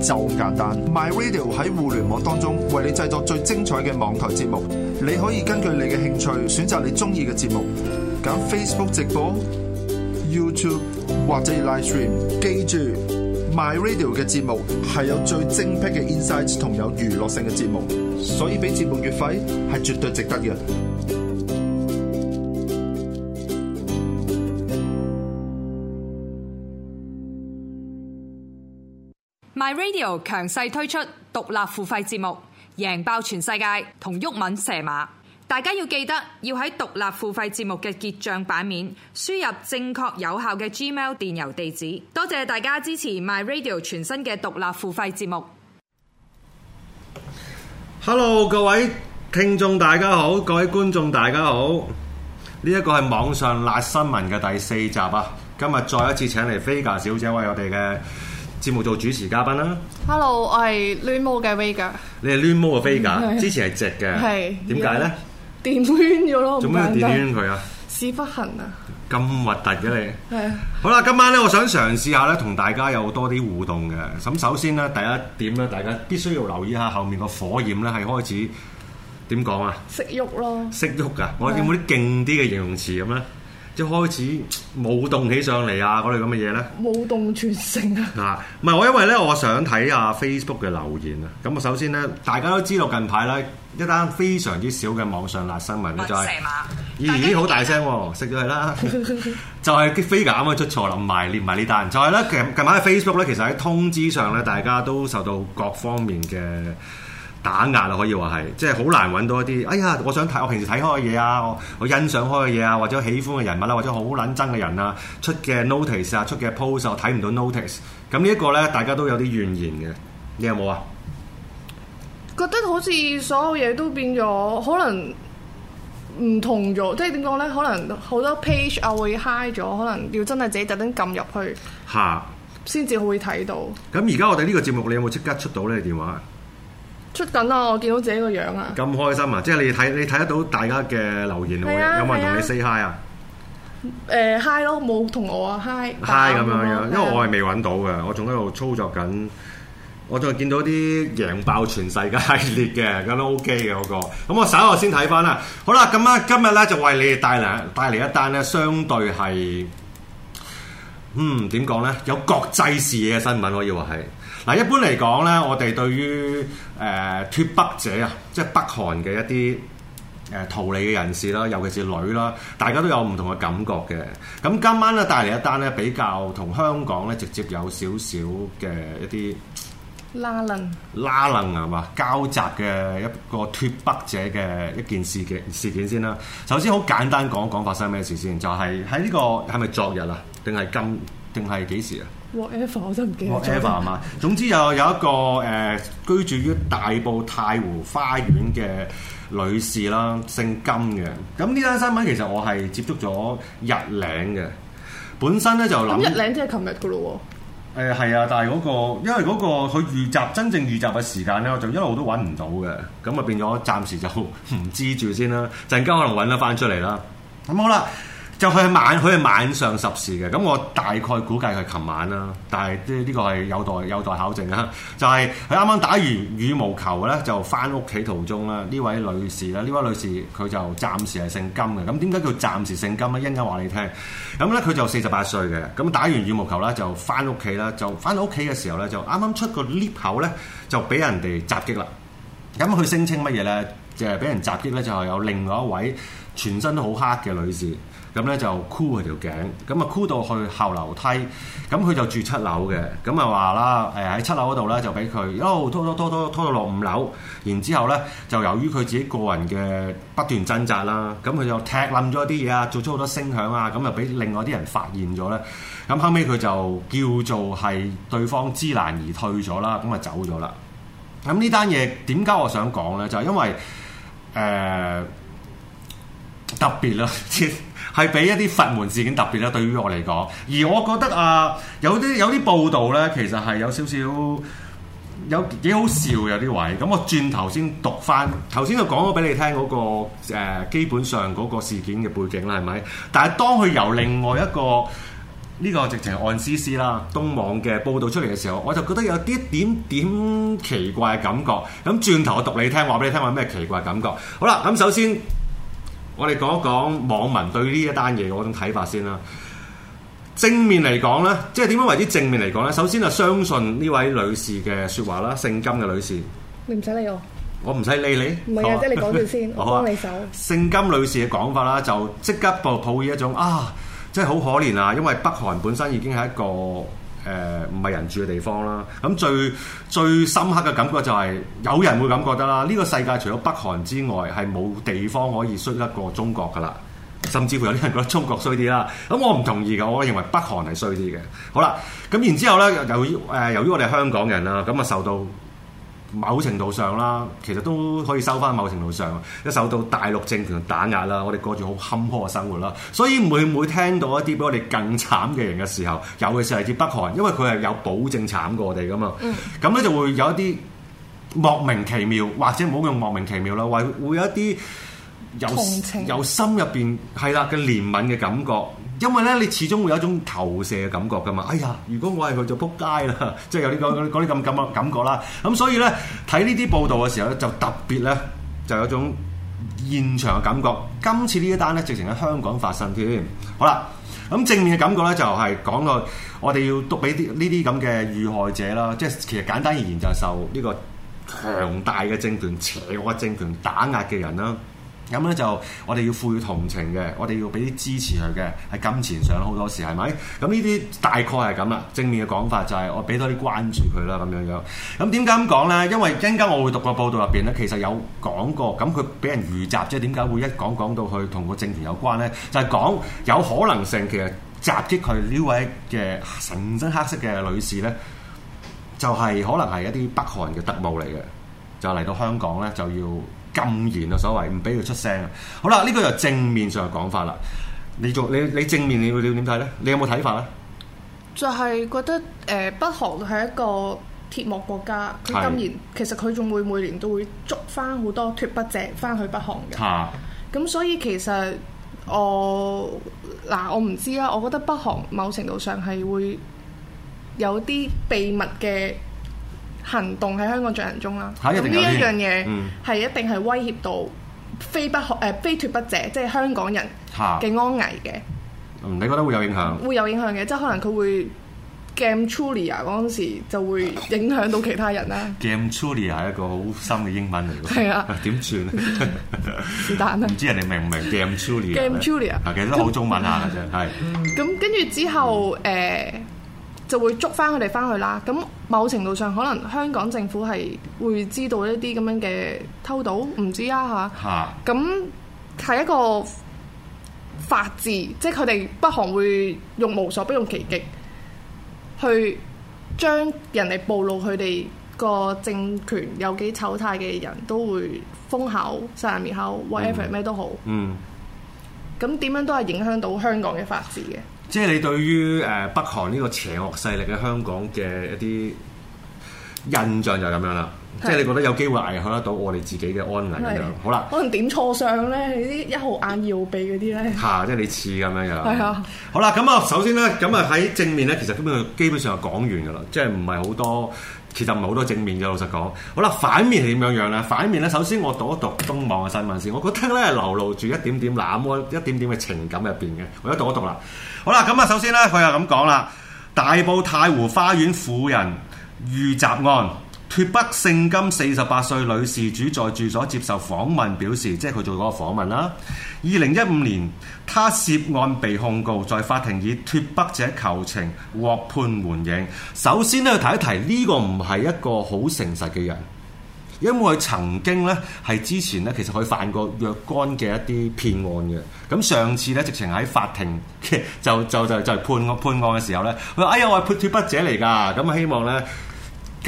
就咁簡單，My Radio 喺互聯網當中為你製作最精彩嘅網台節目，你可以根據你嘅興趣選擇你中意嘅節目，揀 Facebook 直播、YouTube 或者 Live Stream。記住，My Radio 嘅節目係有最精辟嘅 insights 同有娛樂性嘅節目，所以俾節目月費係絕對值得嘅。My Radio 強勢推出獨立付費節目，贏爆全世界同郁敏射馬。大家要記得要喺獨立付費節目嘅結賬版面輸入正確有效嘅 Gmail 電郵地址。多謝大家支持 My Radio 全新嘅獨立付費節目。Hello，各位聽眾大家好，各位觀眾大家好。呢、這、一個係網上辣新聞嘅第四集啊！今日再一次請嚟 Vega 小姐為我哋嘅。節目做主持嘉賓啦。Hello，我係攣毛嘅 Vega。你係攣毛嘅 Vega？之前係直嘅。係的。點解咧？電攣咗咯？做咩電攣佢啊？屎忽痕啊！咁核突嘅你。係。好啦，今晚咧，我想嘗試下咧，同大家有多啲互動嘅。咁首先咧，第一點咧，大家必須要留意下後面個火焰咧，係開始點講啊？識喐咯。識喐噶？我的對有冇啲勁啲嘅形容詞咁咧？即係開始舞動起上嚟啊！嗰類咁嘅嘢咧，舞動全城啊！嗱，唔係我因為咧，我想睇下 Facebook 嘅留言啊。咁我首先咧，大家都知道近排咧一單非常之少嘅網上辣辛聞咧，就係，咦咦好大聲，食咗佢啦，就係啲 figure 啱啱出錯，諗埋連埋呢單就係咧近近排嘅 Facebook 咧，其實喺通知上咧，大家都受到各方面嘅。打壓啊，可以話係，即係好難揾到一啲，哎呀，我想睇我平時睇開嘅嘢啊，我我欣賞開嘅嘢啊，或者我喜歡嘅人物啊，或者好撚憎嘅人啊，出嘅 notice 啊，出嘅 post 我睇唔到 notice，咁呢一個咧，大家都有啲怨言嘅，你有冇啊？覺得好似所有嘢都變咗，可能唔同咗，即係點講咧？可能好多 page 啊會 high 咗，可能要真係自己特登撳入去嚇，先至哈會睇到。咁而家我哋呢個節目，你有冇即刻出到呢個電話？出緊啦，啊！我見到自己個樣啊！咁開心啊！即係你睇，你睇得到大家嘅留言，啊、有冇人同你 say 啊 hi 啊？誒、呃、hi 咯，冇同我啊 hi hi 咁樣樣、啊，啊、因為我係未揾到嘅，我仲喺度操作緊。我仲見到啲贏爆全世界系列嘅，咁、那個、都 OK 嘅嗰、那個。咁我稍後先睇翻啦。好啦，咁啊，今日咧就為你哋帶嚟帶嚟一單咧，相對係嗯點講咧？有國際視野嘅新聞可以話係。嗱，一般嚟講咧，我哋對於誒脱北者啊，即係北韓嘅一啲誒逃離嘅人士啦，尤其是女啦，大家都有唔同嘅感覺嘅。咁今晚咧帶嚟一單咧，比較同香港咧直接有少少嘅一啲拉楞拉楞係嘛？交集嘅一個脱北者嘅一件事嘅事件先啦。首先好簡單講講發生咩事先，就係喺呢個係咪昨日啊？定係今定係幾時啊？whatever 我都唔記得咗。總之又有，有一個誒、呃、居住於大埔太湖花園嘅女士啦，姓金嘅。咁呢單新聞其實我係接觸咗日嶺嘅。本身咧就諗、嗯嗯、日嶺即係琴日嘅咯喎。誒係、欸、啊，但係嗰、嗰個因為嗰、嗰個佢預習真正預習嘅時間咧，我就一路都揾唔到嘅。咁啊變咗暫時就唔知住先啦。陣間可能揾得翻出嚟啦。咁好啦。就佢係晚，佢係晚上十時嘅。咁我大概估計佢係琴晚啦，但係呢呢個係有待有待考證啊。就係佢啱啱打完羽毛球咧，就翻屋企途中啦。呢位女士啦，呢位女士佢就暫時係姓金嘅。咁點解叫暫時姓金咧？一陣間話你聽。咁咧佢就四十八歲嘅。咁打完羽毛球啦，就翻屋企啦。就翻到屋企嘅時候咧，就啱啱出個 lift 口咧，就俾人哋襲擊啦。咁佢聲稱乜嘢咧？就係、是、俾人襲擊咧，就係、是、有另外一位。全身都好黑嘅女士，咁咧就箍佢條頸，咁啊箍到去後樓梯，咁佢就住七樓嘅，咁啊話啦，誒、呃、喺七樓嗰度咧就俾佢，一路拖拖拖拖拖到落五樓，然之後咧就由於佢自己個人嘅不斷掙扎啦，咁佢就踢冧咗啲嘢啊，做出好多聲響啊，咁啊俾另外啲人發現咗咧，咁後尾，佢就叫做係對方知難而退咗啦，咁啊走咗啦。咁呢單嘢點解我想講咧？就係、是、因為誒。呃特別啦，係 俾一啲佛門事件特別啦，對於我嚟講。而我覺得啊，有啲有啲報道呢，其實係有少少有幾好笑，有啲位。咁我轉頭先讀翻頭先，就講咗俾你聽嗰、嗰個、呃、基本上嗰個事件嘅背景啦，係咪？但係當佢由另外一個呢、呢個直情係 ON CC 啦，東網嘅報道出嚟嘅時候，我就覺得有啲點，點點奇怪嘅感覺。咁轉頭我讀你聽，話俾你聽，我有咩奇怪嘅感覺？好啦，咁首先。我哋講一講網民對呢一單嘢嗰種睇法先啦。正面嚟講咧，即係點樣為之正面嚟講呢？首先就相信呢位女士嘅說話啦，聖金嘅女士。你唔使理我。我唔使理你。唔係啊，即，你講住先，我幫你手。聖金女士嘅講法啦，就即刻抱抱以一種啊，即係好可憐啊，因為北韓本身已經係一個。誒唔係人住嘅地方啦，咁最最深刻嘅感覺就係、是、有人會感覺得啦，呢、這個世界除咗北韓之外係冇地方可以衰得過中國噶啦，甚至乎有啲人覺得中國衰啲啦，咁、嗯、我唔同意噶，我認為北韓係衰啲嘅。好啦，咁然之後呢，由於誒、呃、由於我哋香港人啦，咁啊受到。某程度上啦，其實都可以收翻。某程度上，一受到大陸政權打壓啦，我哋過住好坎坷嘅生活啦，所以每每聽到一啲比我哋更慘嘅人嘅時候，尤其是係接北韓，因為佢係有保證慘過我哋噶嘛。咁咧、嗯、就會有一啲莫名其妙，或者唔好用莫名其妙啦，或會有一啲由有情心入邊係啦嘅憐憫嘅感覺。因為咧，你始終會有一種投射嘅感覺㗎嘛。哎呀，如果我係佢就撲街啦，即、就、係、是、有呢嗰啲咁咁嘅感覺啦。咁、嗯、所以咧，睇呢啲報道嘅時候咧，就特別咧，就有種現場嘅感覺。今次呢一單咧，直情喺香港發生添。好啦，咁正面嘅感覺咧，就係、是、講到我哋要讀俾啲呢啲咁嘅遇害者啦，即係其實簡單而言就係、是、受呢個強大嘅政權邪惡政權打壓嘅人啦。咁咧、嗯、就我哋要賦予同情嘅，我哋要俾啲支持佢嘅，喺金錢上好多時係咪？咁呢啲大概係咁啦。正面嘅講法就係我俾多啲關注佢啦，咁樣樣。咁點解咁講咧？因為陣間我會讀個報道入邊咧，其實有講過，咁佢俾人預襲，即係點解會一講講到去同個政權有關咧？就係、是、講有可能性，其實襲擊佢呢位嘅成身黑色嘅女士咧，就係、是、可能係一啲北韓嘅特務嚟嘅，就嚟到香港咧就要，禁言啊，所謂唔俾佢出聲啊。好啦，呢、這個就正面上嘅講法啦。你仲你你正面你你會點睇呢？你有冇睇法呢？就係覺得誒、呃、北韓係一個鐵幕國家，佢是禁言，其實佢仲會每年都會捉翻好多脱北者翻去北韓嘅。咁是所以其實我嗱、呃、我唔知啦、啊。我覺得北韓某程度上係會有啲秘密嘅。行動喺香港進行中啦，咁呢一樣嘢係一定係威脅到非不可誒非脱不者，即係香港人嘅安危嘅、嗯。你覺得會有影響？會有影響嘅，即係可能佢會 gamtrulia e 嗰陣時就會影響到其他人啦。gamtrulia e 係一個好深嘅英文嚟嘅，係啊 的，點算啊？是但啊，唔知人哋明唔明 g a m t r u l i g a m t r u l i a 其實都好中文啊，嘅啫，係、 嗯。咁跟住之後誒、呃、就會捉翻佢哋翻去啦。咁某程度上，可能香港政府係會知道一啲咁樣嘅偷渡，唔知啊嚇。咁、啊、係、啊、一個法治，即係佢哋北韓會用無所不用其極去將人哋暴露佢哋個政權有幾醜態嘅人都會封口、殺人滅口，whatever 咩、嗯、都好。嗯。咁點樣都係影響到香港嘅法治嘅。即係你對於誒北韓呢個邪惡勢力嘅香港嘅一啲印象就係咁樣啦，是即係你覺得有機會危害得到我哋自己嘅安危咁樣。是好啦了，可能點錯相咧？你啲一號眼二號鼻嗰啲咧嚇，即係你似咁樣樣。係啊，好啦，咁啊，首先咧，咁啊喺正面咧，其實根本基本上係講完噶啦，即係唔係好多。其實唔係好多正面嘅，老實講。好啦，反面係點樣樣咧？反面咧，首先我讀一讀東網嘅新聞先。我覺得咧流露住一點點冷漠、一點點嘅情感入邊嘅。我一讀一讀啦。好啦，咁啊，首先咧，佢又咁講啦，大埔太湖花園婦人遇襲案。脱北聖金四十八歲女事主在住所接受訪問，表示即係佢做嗰個訪問啦。二零一五年，她涉案被控告，在法庭以脱北者求情獲判緩刑。首先呢，要提一提呢個唔係一個好誠實嘅人，因為佢曾經呢，係之前呢，其實佢犯過若干嘅一啲騙案嘅。咁上次呢，直情喺法庭就就就，就判個判案嘅時候呢，佢話：哎呀，我係脱北者嚟㗎，咁希望呢。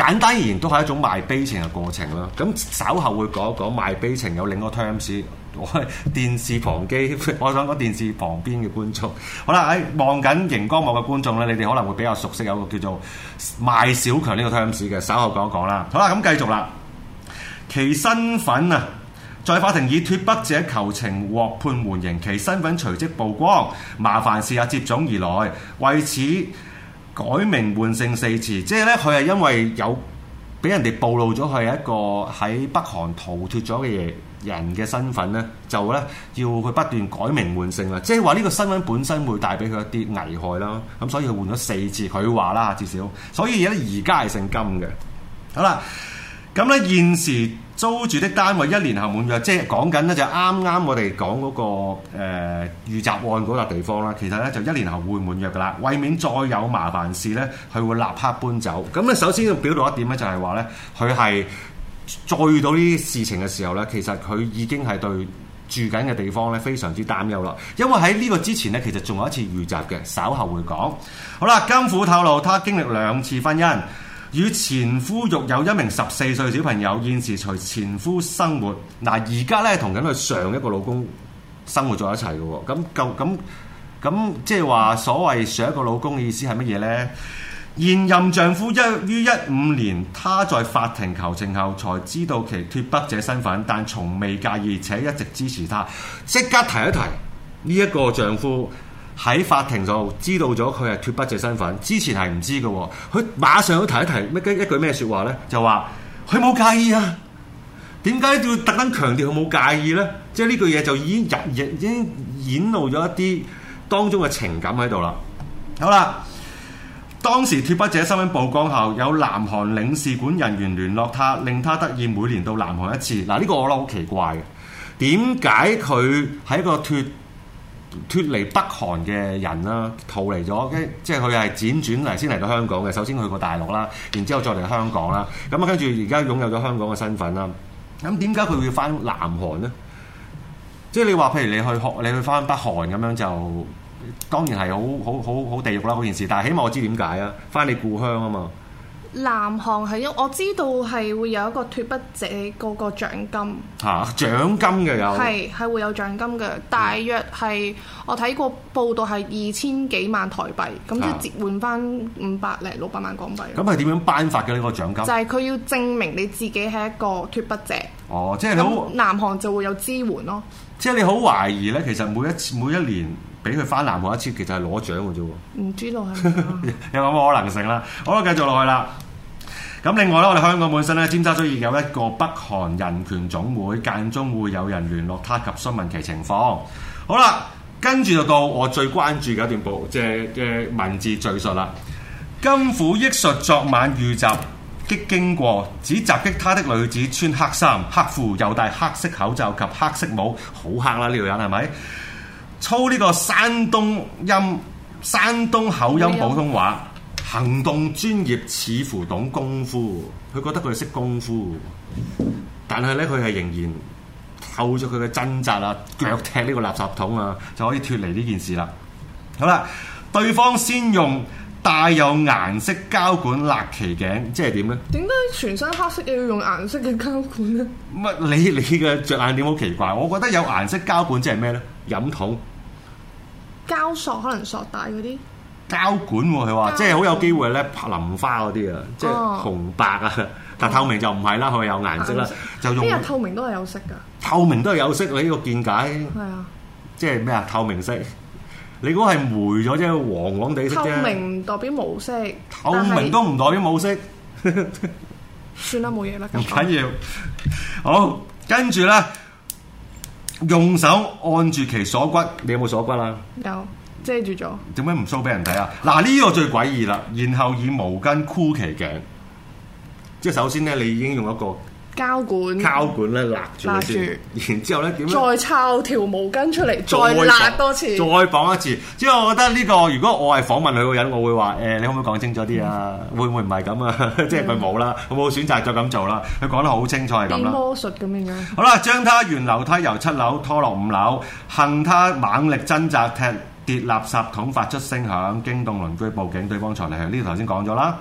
簡單而言，都係一種賣悲情嘅過程啦。咁稍後會講一講賣悲情有另一個 terms，我係電視旁機，我想講電視旁邊嘅觀眾。好啦，喺望緊熒光幕嘅觀眾咧，你哋可能會比較熟悉有一個叫做賣小強呢個 terms 嘅。稍後講一講啦。好啦，咁繼續啦。其身份啊，在法庭以脱北者求情獲判緩刑，其身份隨即曝光，麻煩事下接踵而來，為此。改名換姓四次，即係咧，佢係因為有俾人哋暴露咗佢係一個喺北韓逃脫咗嘅人嘅身份咧，就咧要佢不斷改名換姓啦。即係話呢個新聞本身會帶俾佢一啲危害啦。咁所以佢換咗四次，佢話啦，至少。所以咧，而家係姓金嘅。好啦，咁咧現時。.租住的單位一年後滿約，即係講緊咧就啱啱我哋講嗰個誒預習案嗰笪地方啦。其實咧就一年後會滿約噶啦，為免再有麻煩事咧，佢會立刻搬走。咁咧，首先要表露一點咧，就係話咧佢係再遇到呢啲事情嘅時候咧，其實佢已經係對住緊嘅地方咧非常之擔憂啦。因為喺呢個之前咧，其實仲有一次預習嘅，稍後會講。好啦，金虎透露他經歷兩次婚姻。與前夫育有一名十四歲小朋友，現時隨前夫生活。嗱，而家咧同緊佢上一個老公生活在一齊嘅喎。咁舊咁咁，即係話所謂上一個老公嘅意思係乜嘢呢？現任丈夫一於一五年，他在法庭求情後，才知道其脫北者身份，但從未介意，且一直支持他。即刻提一提呢一，這個丈夫。喺法庭上就知道咗佢係脱北者身份，之前係唔知嘅。佢馬上都提一提，乜一句咩説話呢？就話佢冇介意啊。點解要特登強調佢冇介意呢？即係呢句嘢就已經日日已經顯露咗一啲當中嘅情感喺度啦。好啦，當時脱北者新聞曝光後，有南韓領事館人員聯絡他，令他得以每年到南韓一次。嗱，呢個我覺得好奇怪嘅。點解佢喺一個脱脫離北韓嘅人啦，逃離咗，即係佢係輾轉嚟，先嚟到香港嘅。首先去過大陸啦，然之後再嚟香港啦。咁啊，跟住而家擁有咗香港嘅身份啦。咁點解佢要翻南韓呢？即係你話，譬如你去學，你去翻北韓咁樣就，就當然係好好好好地獄啦嗰件事。但係，起碼我知點解啊？翻你故鄉啊嘛。南韓係，因我知道係會有一個脫北者嗰個獎金嚇獎、啊、金嘅，有係係會有獎金嘅，大約係我睇過報道係二千幾萬台幣，咁即係折換返五百零六百萬港幣。咁係點樣頒發嘅呢、這個獎金？就係佢要證明你自己係一個脫北者。哦，即係你好，南韓就會有支援咯。即係你好懷疑咧，其實每一次每一年。俾佢翻南韓一次，其實係攞獎嘅啫喎。唔知道啊， 有冇可能性啦？好啦，繼續落去啦。咁另外咧，我哋香港本身咧，尖沙咀亦有一個北韓人權總會，間中會有人聯絡他及詢問其情況。好啦，跟住就到我最關注嘅一段報，即係嘅文字敘述啦。金虎憶述昨晚遇襲，擊經過指襲擊他的女子穿黑衫、黑褲，又戴黑色口罩及黑色帽，好黑啦、啊！呢、這個人係咪？操呢個山東音、山東口音普通話，行動專業，似乎懂功夫，佢覺得佢識功夫，但係咧佢係仍然透過佢嘅掙扎啊、腳踢呢個垃圾桶啊，就可以脫離呢件事啦。好啦，對方先用。帶有顏色膠管勒奇頸，即係點咧？點解全身黑色要用顏色嘅膠管咧？唔係你你嘅着眼點好奇怪，我覺得有顏色膠管即係咩咧？飲筒膠索可能索帶嗰啲膠管喎，佢話即係好有機會咧，淋花嗰啲啊，膠即係紅白啊，哦、但透明就唔係啦，佢有顏色啦，色就用。呢啲透明都係有色噶？透明都係有色，你、這、呢個見解？係啊，即係咩啊？透明色。你嗰係霉咗啫，黃黃地色啫。透明代表無色，透明都唔代表無色。 算啦，冇嘢啦。唔緊要。好，跟住咧，用手按住其鎖骨，你有冇鎖骨啊？有，遮住咗。點解唔 show 俾人睇啊？嗱，呢個最詭異啦。然後以毛巾箍其頸，即係首先咧，你已經用一個。膠管，膠管咧，勒住，勒住，然之後咧點樣呢？再抄條毛巾出嚟，再勒多次，再綁一次。之後，我覺得呢個如果我係訪問佢個人，我會話：誒、欸，你可唔可以講清楚啲啊？嗯、會唔會唔係咁啊？嗯、即係佢冇啦，佢冇選擇再咁做啦？佢講得好清楚係咁啦。術樣好啦，將他沿樓梯由七樓拖落五樓，幸他猛力掙扎，踢跌垃、垃圾桶，發出聲響，驚動鄰居報警，對方才嚟。呢頭先講咗啦。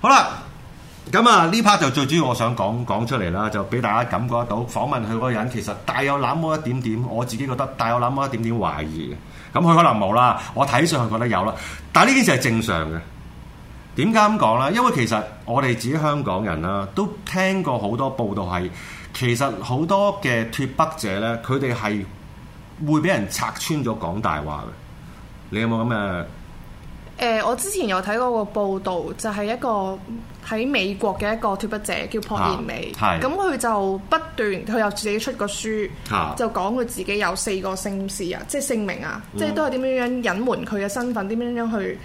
好啦。好。咁啊，呢 part 就最主要我想講講出嚟啦，就俾大家感覺到訪問佢嗰個人其實帶有那麼一點點，我自己覺得帶有那麼一點點懷疑嘅。咁佢可能冇啦，我睇上去覺得有啦。但係呢件事係正常嘅。點解咁講呢？因為其實我哋自己香港人啦，都聽過好多報道係，其實好多嘅脫北者呢，佢哋係會俾人拆穿咗講大話嘅。你有冇咁嘅？誒、欸，我之前有睇過個報道，就係、是、一個喺美國嘅一個脫北者，叫朴賢美。係、啊，咁佢就不斷，佢又自己出過書，啊、就講佢自己有四個姓氏啊，即係姓名啊，嗯、即係都係點樣樣隱瞞佢嘅身份，點樣樣去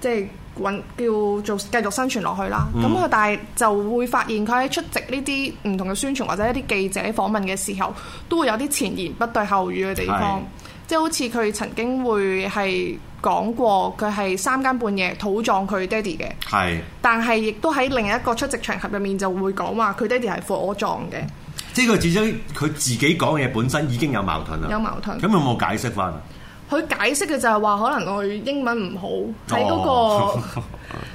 即係揾叫做繼續生存落去啦。咁佢、嗯、但係就會發現，佢喺出席呢啲唔同嘅宣傳或者一啲記者訪問嘅時候，都會有啲前言不對後語嘅地方。嗯即係好似佢曾經會係講過佢係三更半夜土葬佢爹哋嘅，是但係亦都喺另一個出席場合入面就會講話佢爹哋係火葬嘅。即係佢自身佢自己講嘢本身已經有矛盾啦，有矛盾。咁有冇解釋翻？佢解釋嘅就係話，可能佢英文唔好，喺嗰、哦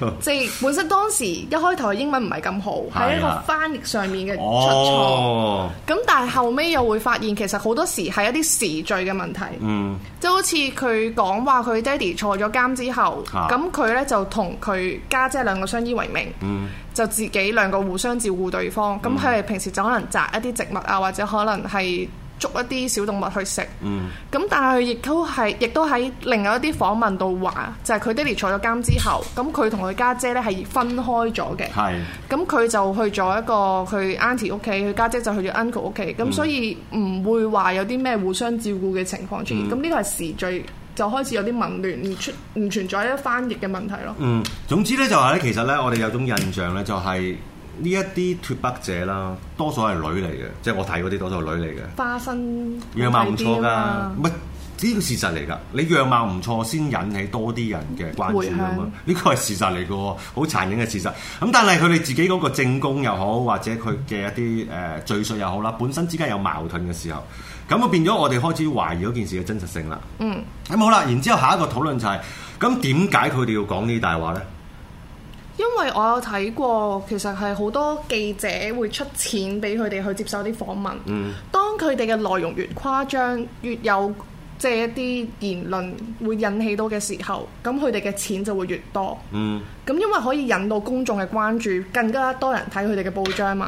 嗰個即係 本身當時一開頭英文唔係咁好，喺 一個翻譯上面嘅出錯。咁、哦、但係後尾又會發現，其實好多時係一啲時序嘅問題。嗯，即係好似佢講話，佢爹哋坐咗監之後，咁佢咧就同佢家姐兩個相依為命，嗯、就自己兩個互相照顧對方。咁佢哋平時就可能摘一啲植物啊，或者可能係。捉一啲小動物去食，咁、嗯、但係佢亦都係，亦都喺另外一啲訪問度話，就係、是、佢爹哋坐咗監之後，咁佢同佢家姐咧係分開咗嘅。係是，咁佢就去咗一個佢 aunty 屋企，佢家姐、姐就去咗 uncle 屋企，咁、嗯、所以唔會話有啲咩互相照顧嘅情況出現。咁呢個係時序就開始有啲紊亂，唔出唔存在一啲翻譯嘅問題咯。嗯，總之咧就係咧，其實咧我哋有種印象咧就係、是。呢一啲脫北者啦，多數係女嚟嘅，即係我睇嗰啲多數女嚟嘅。花生樣貌唔錯㗎，唔係呢個事實嚟㗎。你樣貌唔錯，先引起多啲人嘅關注啊嘛。呢個係事實嚟㗎，好殘忍嘅事實。咁但係佢哋自己嗰個證供又好，或者佢嘅一啲誒敘述又好啦，本身之間有矛盾嘅時候，咁啊變咗我哋開始懷疑嗰件事嘅真實性啦。嗯。咁好啦，然之後下一個討論就係，咁點解佢哋要講呢大話咧？因為我有睇過，其實係好多記者會出錢俾佢哋去接受啲訪問。嗯、當佢哋嘅內容越誇張、越有即係一啲言論會引起到嘅時候，咁佢哋嘅錢就會越多。咁、嗯、因為可以引到公眾嘅關注，更加多人睇佢哋嘅報章嘛。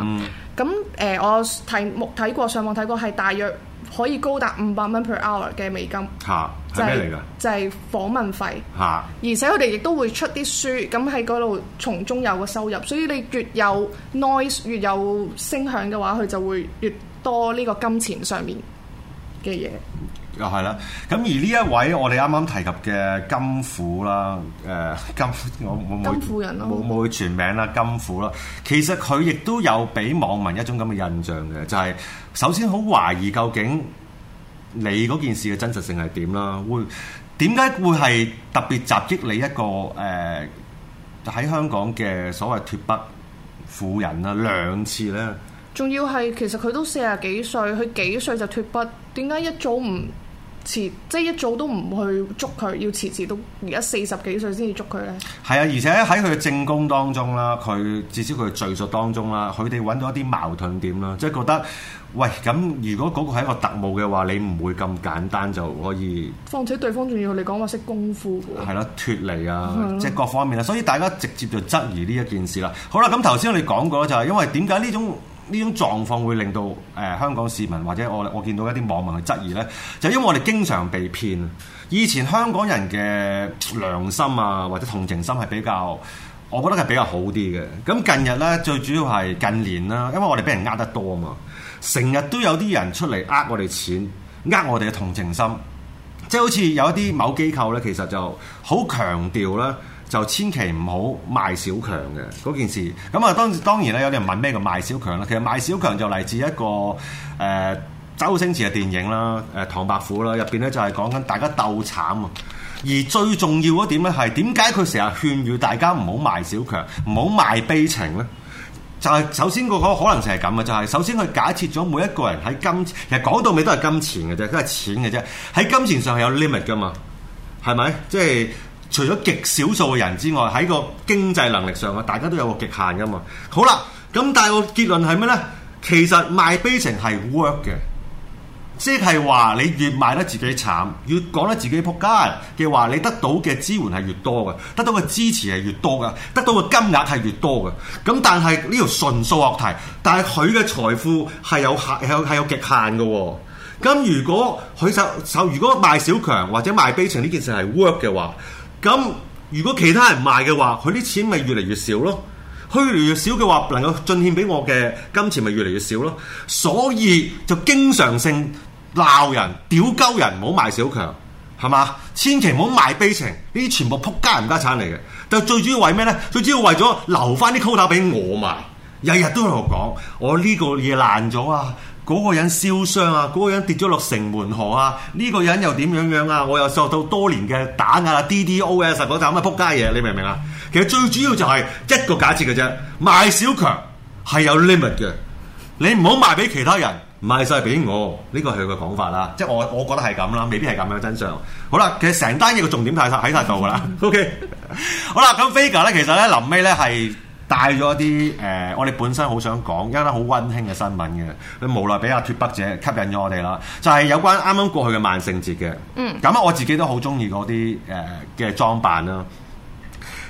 咁誒、嗯呃，我睇目睇過上網睇過係大約，可以高達五百蚊 per hour 嘅美金，嚇係咩嚟㗎？就係訪問費，嚇、啊！而且佢哋亦都會出啲書，咁喺嗰度從中有個收入，所以你越有 noise 越有聲響嘅話，佢就會越多呢個金錢上面嘅嘢。係啦，咁、啊、而呢一位我哋啱啱提及嘅金虎啦，誒、呃、金，金人啦、啊，冇冇佢全名啦，金虎啦，其實佢亦都有俾網民一種咁嘅印象嘅，就係、是、首先好懷疑究竟你嗰件事嘅真實性係點啦？會點解會係特別襲擊你一個誒喺、呃、香港嘅所謂脱北婦人啊兩次咧？仲要係其實佢都四十幾歲，佢幾歲就脱北，點解一早唔？遲即係一早都唔去捉佢，要遲遲都而家四十幾歲先至捉佢咧。係啊，而且喺佢嘅證供當中啦，佢至少佢嘅敘述當中啦，佢哋揾到一啲矛盾點啦，即係覺得喂，咁如果嗰個係一個特務嘅話，你唔會咁簡單就可以。況且對方仲要你講話識功夫㗎。係啦、啊，脱離啊，嗯、即係各方面啦，所以大家直接就質疑呢一件事啦。好啦，咁頭先我哋講過啦，就係因為點解呢種？呢種狀況會令到誒香港市民或者我我見到一啲網民去質疑呢，就因為我哋經常被騙。以前香港人嘅良心啊，或者同情心係比較，我覺得係比較好啲嘅。咁近日呢，最主要係近年啦，因為我哋俾人呃得多啊嘛，成日都有啲人出嚟呃我哋錢，呃我哋嘅同情心，即係好似有一啲某機構呢，其實就好強調啦。就千祈唔好賣小強嘅嗰件事。咁啊，當當然咧，有啲人問咩叫賣小強咧？其實賣小強就嚟自一個誒、呃、周星馳嘅電影啦，誒、呃、唐伯虎啦，入邊咧就係講緊大家鬥慘啊。而最重要嗰點咧係點解佢成日勸喻大家唔好賣小強，唔好賣悲情咧？就係、是、首先個可能性係咁嘅，就係、是、首先佢假設咗每一個人喺金其實講到尾都係金錢嘅啫，都係錢嘅啫。喺金錢上係有 limit 噶嘛？係咪？即係。除咗極少數嘅人之外，喺個經濟能力上啊，大家都有個極限噶嘛。好啦，咁但係個結論係咩呢？其實賣悲情係 work 嘅，即係話你越賣得自己慘，越講得自己仆街嘅話，你得到嘅支援係越多嘅，得到嘅支持係越多噶，得到嘅金額係越多嘅。咁但係呢條純數學題，但係佢嘅財富係有限，有，係有，係有極限㗎喎。咁如果佢就就如果賣小強或者賣悲情呢件事係 work 嘅話，咁如果其他人賣嘅話，佢啲錢咪越嚟越少咯。越嚟越少嘅話，能夠進獻俾我嘅金錢咪越嚟越少咯。所以就經常性鬧人、屌鳩人，唔好賣小強，係嘛？千祈唔好賣悲情，呢啲全部撲街人家產嚟嘅。但最主要為咩呢？最主要為咗留翻啲 quota 俾我賣，日日都喺度講，我呢個嘢爛咗啊！嗰個人燒傷啊，嗰、那個人跌咗落城門河啊，呢、這個人又點樣樣啊？我又受到多年嘅打壓啦，DDOS 嗰隻咁嘅撲街嘢，你明唔明啊？其實最主要就係一個假設嘅啫，賣小強係有 limit 嘅，你唔好賣俾其他人，賣曬俾我，呢個係佢嘅講法啦。即係我，我覺得係咁啦，未必係咁樣嘅真相。好啦，其實成單嘢嘅重點太曬喺曬度啦。 OK，好啦，咁 Vega 咧，其實咧臨尾咧係。帶咗一啲誒、呃，我哋本身好想講一單好溫馨嘅新聞嘅，佢無奈俾阿脫北者吸引咗我哋啦。就係、是、有關啱啱過去嘅萬聖節嘅，咁啊、嗯、我自己都好中意嗰啲誒嘅裝扮啦、啊。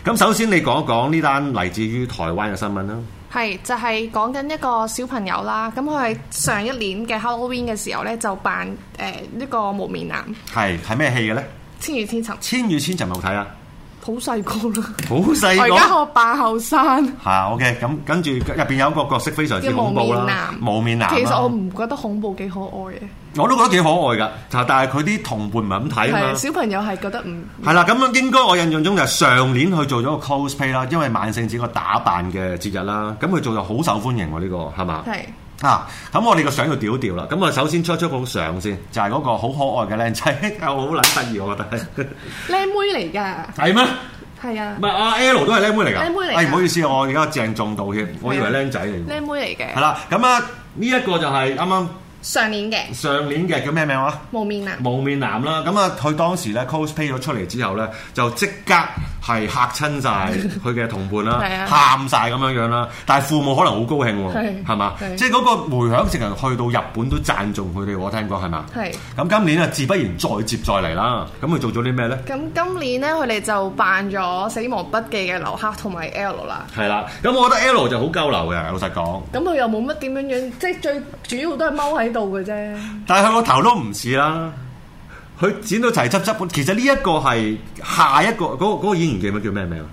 咁首先你講一講呢單嚟自於台灣嘅新聞啦、啊。係就係、是、講緊一個小朋友啦，咁佢係上一年嘅 Halloween 嘅時候咧，就扮誒呢、呃、個無面男。係係咩戲嘅咧？千與千尋。千與千尋冇睇啊！好細個啦，好細個，而家 我扮後生。係 o k 咁跟住入邊有一個角色非常之恐怖啦，冇面男。寶寶男面男其實我唔覺得恐怖，幾可愛嘅。我都覺得幾可愛㗎，但係佢啲同伴唔係咁睇啊嘛。小朋友係覺得唔係啦，咁樣應該我印象中就係上年去做咗個 cosplay 啦，因為萬聖節個打扮嘅節日啦，咁佢做咗好受歡迎喎、啊，呢、這個係嘛？係。啊！咁我哋個相要屌掉啦。咁啊，首先出一出好相先，就係、是、嗰個好可愛嘅靚仔，好撚得意，我覺得。靚妹嚟噶。係咩 嗎？係啊。唔係阿 L 都係靚妹嚟㗎。靚妹嚟。誒唔、哎、好意思，我而家鄭重道歉，女我以為靚仔嚟。靚妹嚟嘅。係啦，咁啊，呢、這、一個就係啱啱。上年嘅上年嘅叫咩名啊？無面男無面男啦，咁啊佢當時咧 cosplay 咗出嚟之後咧，就即刻係嚇親晒佢嘅同伴啦，喊晒咁樣樣啦。但係父母可能好高興喎，係嘛？即係嗰個迴響直情去到日本都讚頌佢哋，我聽講係嘛？係。咁是今年啊，自不然再接再厲啦。咁佢做咗啲咩咧？咁今年咧，佢哋就扮咗《死亡筆記》嘅留克同埋 L 啦。係啦。咁我覺得 L 就好交流嘅，老實講。咁佢又冇乜點樣樣，即係最主要都係踎喺到嘅啫，但係佢個頭都唔似啦，佢剪到齊執執。其實呢一個係下一個嗰、嗰個、嗰個演員叫乜叫咩名啊？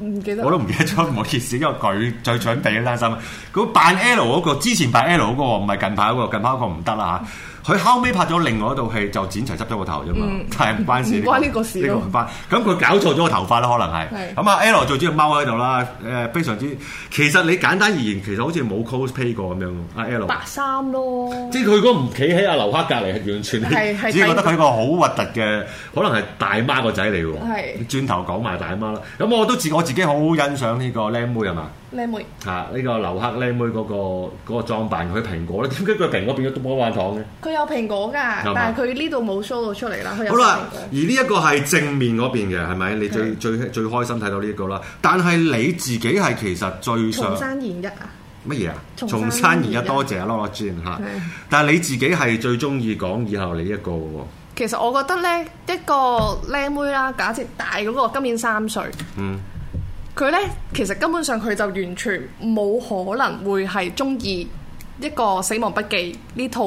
唔記得，記我都唔記得咗，唔 好意思。因為佢最想俾你擔心。咁、嗰個、扮 L 嗰、嗰個，之前扮 L 嗰、嗰個唔係近排嗰、嗰個，近排嗰個唔得啦吓。 佢後尾拍咗另外一套戲就剪齊執咗、這個頭啫嘛，係唔關事，關呢個事呢咯、這個，唔關。咁佢搞錯咗個頭髮啦，可能係。咁啊是，L 最中意踎喺度啦，誒、呃，非常之。其實你簡單而言，其實好似冇 c o s p、嗯、l a y 過咁樣喎，阿 L。白三咯。即係佢嗰個唔企喺阿劉克隔離，係完全係，只係覺得佢一個好核突嘅，可能係大媽個仔嚟喎。轉頭講埋大媽啦，咁我都自我自己好欣賞呢個靚妹啊嘛。靚妹，吓呢個留客靚妹嗰個嗰個裝扮佢蘋果咧，點解佢蘋果變咗都冇胺糖嘅？佢有蘋果噶，但係佢呢度冇 show 到出嚟啦。好啦，而呢一個係正面嗰邊嘅，係咪？你最最最開心睇到呢一個啦？但係你自己係其實最想重申而家乜嘢啊？重申而家多謝咯我 a 吓。但係你自己係最中意講以後你一個嘅。其實我覺得咧，一個靚妹啦，假設大嗰個今年三歲。嗯。佢咧，其實根本上佢就完全冇可能會係中意一個《死亡筆記》呢套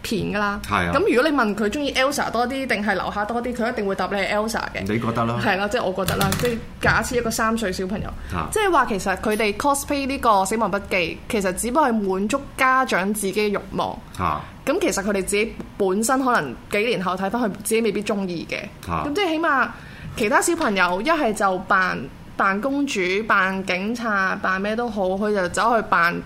片噶啦。係啊。咁如果你問佢中意 Elsa 多啲定係樓下多啲，佢一定會答你係 Elsa 嘅。你覺得啦？係啦，即係我覺得啦。即係假設一個三歲小朋友，是的 即係話其實佢哋 cosplay 呢個《死亡筆記》，其實只不過係滿足家長自己嘅欲望。啊。咁其實佢哋自己本身可能幾年後睇翻佢自己未必中意嘅。咁是的 即係起碼其他小朋友一係就扮。扮公主、扮警察、扮咩都好，佢就走去扮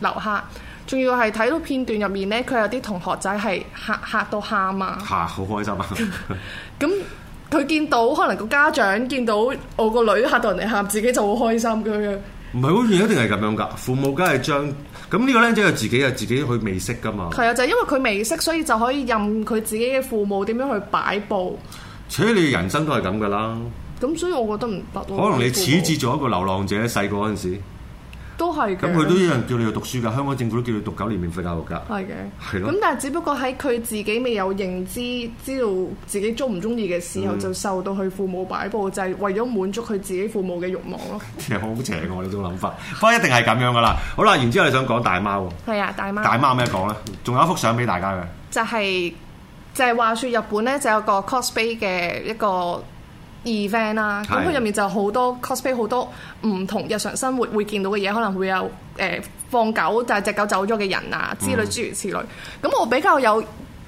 樓客。仲要係睇到片段入面呢，佢有啲同學仔係嚇嚇到喊啊！嚇好、啊、開心啊！咁 佢 見到可能個家長見到我個女嚇到人哋喊，自己就好開心嘅。唔係好似一定係咁樣㗎。父母梗係將咁呢個僆仔，即係、自己係自己去未識㗎嘛。係啊，就係因為佢未識，所以就可以任佢自己嘅父母點樣去擺佈。除咗你人生都係咁㗎啦。咁所以，我覺得唔得。可能你始至做一個流浪者，細個嗰陣時都係嘅。咁佢都一樣叫你去讀書㗎，香港政府都叫你讀九年免費教育㗎。係嘅的，係咯的。咁但係只不過喺佢自己未有認知，知道自己中唔中意嘅時候，嗯、哼就受到佢父母擺佈，就係、是、為咗滿足佢自己父母嘅慾望咯。其實好邪惡，我呢種諗法，不過一定係咁樣㗎啦。好啦，然之後你想講大媽喎。係啊，大媽。大媽咩講咧？仲 有一幅相俾大家嘅、就是，就係就係話説日本咧就有個 cosplay 嘅一個。event 啦、啊，咁佢入面就好多 cosplay，好多唔同日常生活會見到嘅嘢，可能會有誒、呃、放狗但係隻狗走咗嘅人啊之類諸如此類，咁、嗯、我比較有。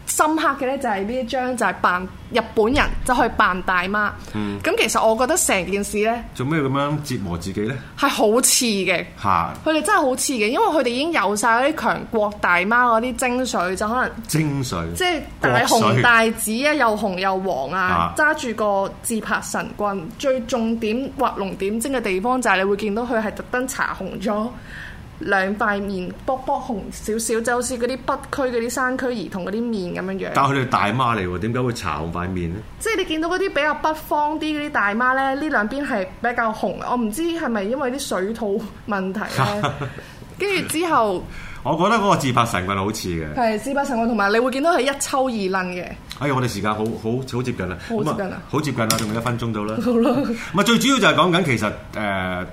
深刻嘅呢就係呢一張就係扮日本人就去扮大媽，咁、嗯、其實我覺得成件事呢，做咩要咁樣折磨自己呢？係好似嘅，佢哋、啊、真係好似嘅，因為佢哋已經有晒嗰啲強國大媽嗰啲精髓，就可能精髓，即係大紅大紫啊，水又紅又黃啊，揸住、啊、個自拍神棍，最重點畫龍點睛嘅地方就係你會見到佢係特登搽紅咗。兩塊面卜卜紅少少，就好似嗰啲北區嗰啲山區兒童嗰啲面咁樣樣。但係佢哋大媽嚟喎，點解會搽紅塊面咧？即係你見到嗰啲比較北方啲嗰啲大媽咧，呢兩邊係比較紅。我唔知係咪因為啲水土問題。跟住 之後， 我覺得嗰個自拍神棍好似嘅。係自拍神棍，同埋你會見到佢一抽二掕嘅。哎呀，我哋時間好好好接近啦，好接近啦，好接近啦，仲有一分鐘到啦。好咪 最主要就係講緊其實誒。呃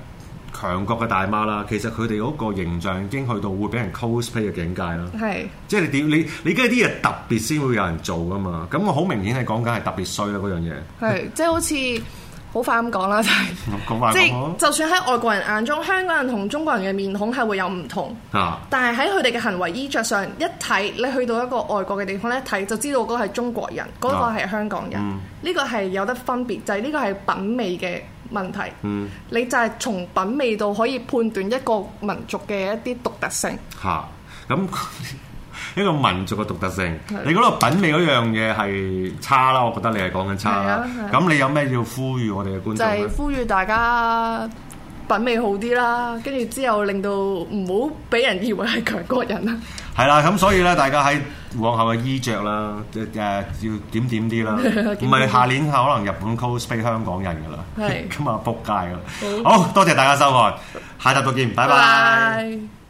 強國嘅大媽啦，其實佢哋嗰個形象已經去到會俾人 cosplay 嘅境界啦。係，即係你點你你跟啲嘢特別先會有人做㗎嘛？咁我好明顯係講緊係特別衰啦嗰樣嘢。係，即係好似好快咁講啦，就係即係就算喺外國人眼中，香港人同中國人嘅面孔係會有唔同啊。但係喺佢哋嘅行為衣着上一睇，你去到一個外國嘅地方咧睇，一睇就知道嗰個係中國人，嗰個係香港人。呢個係有得分別，就係呢個係品味嘅。問題，嗯、你就係從品味度可以判斷一個民族嘅一啲獨特性。嚇、啊，咁 一個民族嘅獨特性，是的 你覺得品味嗰樣嘢係差啦，我覺得你係講緊差。咁你有咩要呼籲我哋嘅觀眾？就係呼籲大家品味好啲啦，跟住之後令到唔好俾人以為係強國人啦。係 啦，咁所以咧，大家喺往後嘅衣着啦，誒、呃呃、要點點啲啦，唔係 點下年可能日本 cosplay 香港人噶啦， 是 今日撲街噶啦，嗯、好，多謝大家收看，下集再見， 拜拜。